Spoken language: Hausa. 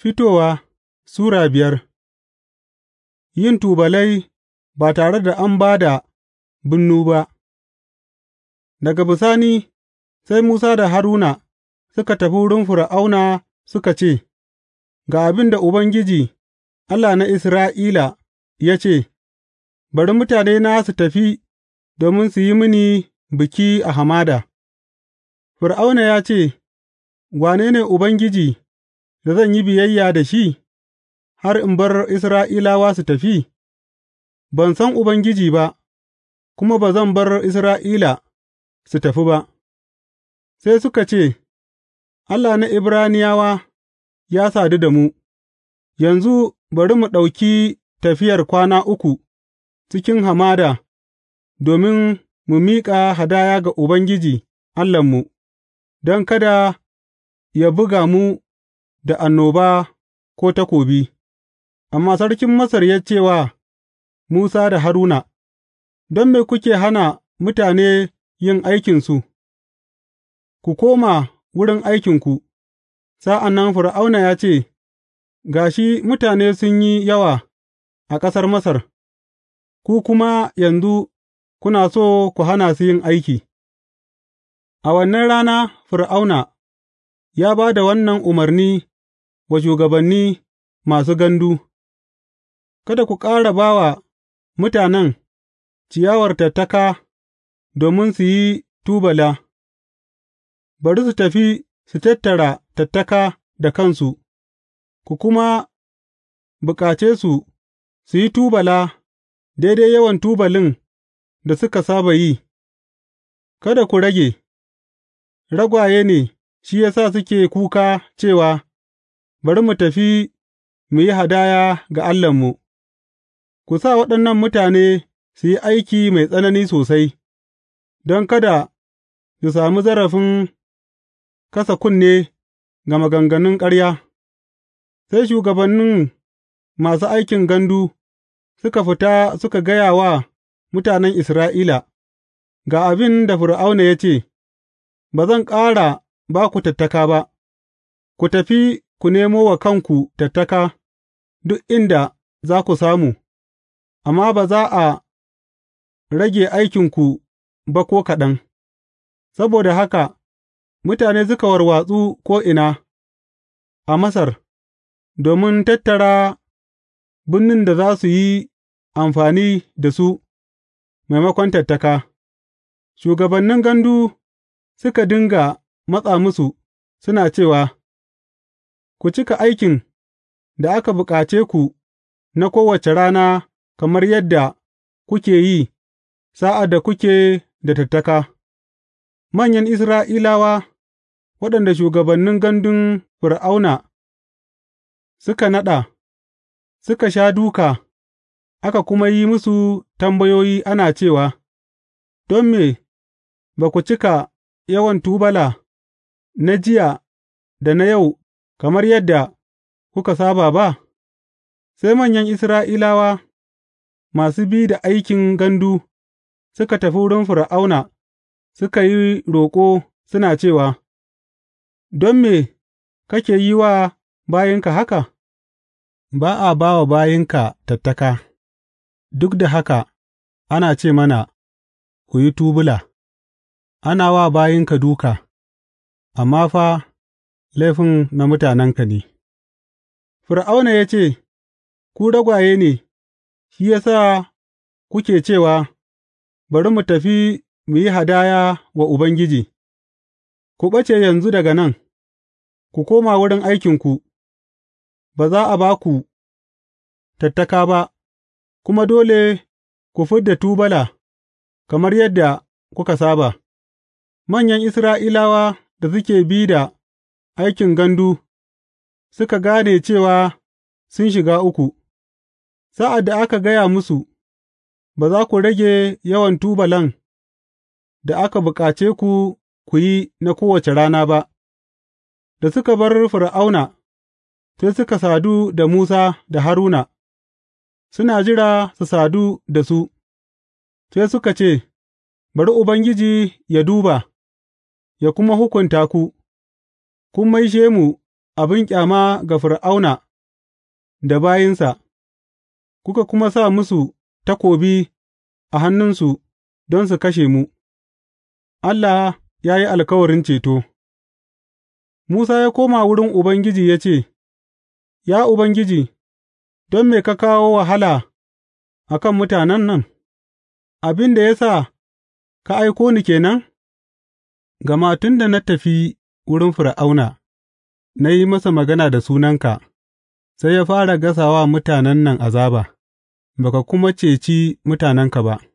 Fitowa Sura biyar Yin tubalai ba tare da an ba da binnu ba Daga bisani sai Musa da Haruna suka tafi wurin Fir'auna suka ce, Ga abin da Ubangiji, Allah na Isra'ila ya ce, Bari mutane na su tafi domin su yi mini biki a hamada. Fir'auna ya ce, Wane ne Ubangiji? da zan yi biyayya da shi, har in bar Isra'ilawa su tafi? Ban san Ubangiji ba, kuma ba zan bar Isra'ila su tafi ba. Sai suka ce, Allah na Ibraniyawa ya sadu da mu, yanzu bari mu ɗauki tafiyar kwana uku cikin hamada domin mu miƙa hadaya ga Ubangiji Allahnmu, don kada ya buga mu da annoba ko takobi, amma sarkin Masar ya ce wa Musa da Haruna, Don me kuke hana mutane yin aikinsu, ku koma wurin aikinku, sa'an nan Fir'auna ya ce, Ga shi mutane sun yi yawa a ƙasar Masar, ku kuma yanzu kuna so ku hana su yin aiki. A wannan rana Fir'auna ya ba da wannan umarni wa shugabanni masu gandu, Kada ku ƙara ba wa mutanen ciyawar tattaka domin su yi tubala. bari su tafi su tattara tattaka da kansu, ku kuma bukace su su yi tubala daidai yawan tubalin da suka saba yi, kada ku rage, ragwaye ne shi ya sa suke kuka cewa, Bari mu tafi mu yi hadaya ga Allahnmu, ku sa waɗannan mutane su yi aiki mai tsanani sosai, don kada su sami zarafin kasa kunne ga maganganun ƙarya, sai shugabannin masu aikin gandu suka fita suka gaya wa mutanen Isra'ila, Ga abin da Fir'auna ya ce, Ba zan ƙara ba ku tattaka ba, ku tafi ku nemo wa kanku tattaka duk inda za ku samu, amma ba za a rage aikinku ba ko kaɗan, saboda haka mutane suka warwatsu ko'ina a Masar domin tattara birnin da za su yi amfani da su maimakon tattaka, shugabannin gandu suka dinga matsa musu, suna cewa. ku cika aikin da aka bukace ku na kowace rana kamar yadda kuke yi sa'ad da kuke da tattaka, manyan Isra'ilawa waɗanda shugabannin gandun Fir'auna suka naɗa, suka sha duka, aka kuma yi musu tambayoyi ana cewa, Don me ba ku cika yawan tubala na jiya da na yau Kamar yadda kuka saba ba, sai manyan Isra'ilawa masu bi da aikin gandu suka tafi wurin Fir'auna suka yi roƙo suna cewa, Don me kake yi wa bayinka haka? Ba a ba wa bayinka tattaka, duk da haka ana ce mana, Ku yi tubula’; ana wa bayinka duka. amma fa. laifin na mutanenka ne Fir'auna ya ce, Ku ragwaye ne, shi ya sa kuke cewa, Bari mu tafi mu yi hadaya wa Ubangiji, ku ɓace yanzu daga nan, ku koma wurin aikinku, ba za a ba ku tattaka ba, kuma dole ku fid da tubala kamar yadda kuka saba, manyan Isra'ilawa da suke bi da aikin gandu, suka gane cewa sun shiga uku, sa'ad da aka gaya musu, Ba za ku rage yawan tubalan da aka bukace ku ku yi na kowace rana ba, da suka bar Fir'auna, sai suka sadu da Musa da Haruna, suna jira su sadu da su, sai suka ce, Bari Ubangiji ya duba, ya kuma hukunta ku. Kun maishe mu abin ƙyama ga Fir'auna da bayinsa, kuka kuma sa musu takobi a hannunsu don su kashe mu, Allah ya yi alkawarin ceto Musa ya koma wurin Ubangiji ya ce, Ya Ubangiji, don me ka kawo wahala a kan mutanen nan, abin da ya sa ka aiko ni kenan? nan? Gama tun da na tafi wurin Fir'auna, na yi masa magana da sunanka, sai ya fara gasa wa mutanen nan azaba, ba ka kuma ceci mutanenka ba.